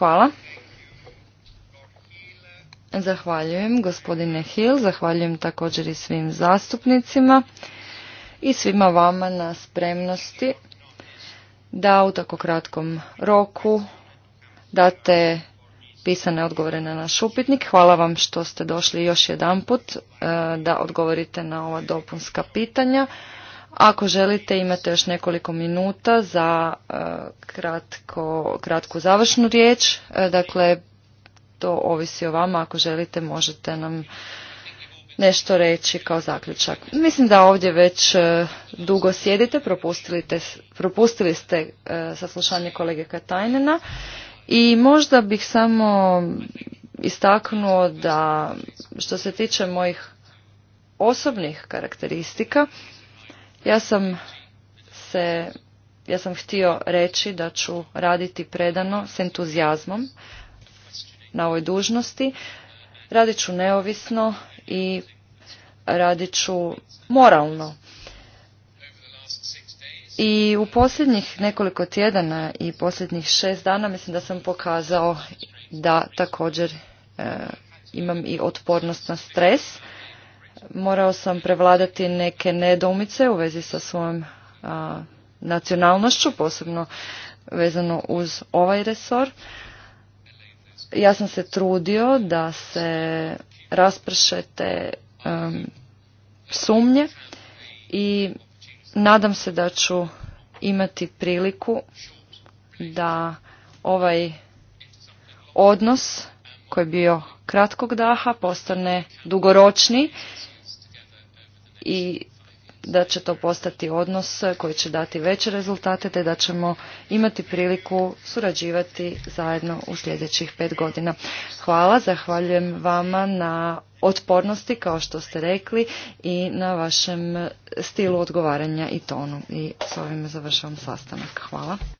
Hvala. Zahvaljujem gospodine Hill, zahvaljujem također i svim zastupnicima i svima vama na spremnosti da u tako kratkom roku date pisane odgovore na naš upitnik. Hvala vam što ste došli još jedanput eh, da odgovorite na ova dopunska pitanja. Ako želite, imate još nekoliko minuta za e, kratko, kratku završnu riječ. E, dakle, to ovisi o vama. Ako želite, možete nam nešto reći kao zaključak. Mislim da ovdje već e, dugo sjedite, propustili, te, propustili ste saslušanje kolege Katajnena i možda bih samo istaknuo da što se tiče mojih osobnih karakteristika, ja sam se, ja sam htio reći da ću raditi predano s entuzijazmom na ovoj dužnosti. Radit ću neovisno i radit ću moralno. I u posljednjih nekoliko tjedana i posljednjih šest dana mislim da sam pokazao da također e, imam i otpornost na stres morao sam prevladati neke nedoumice u vezi sa svojom nacionalnošću, posebno vezano uz ovaj resor. Ja sam se trudio da se raspršete um, sumnje i nadam se da ću imati priliku da ovaj odnos koji je bio kratkog daha postane dugoročniji i da će to postati odnos koji će dati veće rezultate te da ćemo imati priliku surađivati zajedno u sljedećih pet godina. Hvala, zahvaljujem vama na otpornosti kao što ste rekli i na vašem stilu odgovaranja i tonu. I s ovime završavam sastanak. Hvala.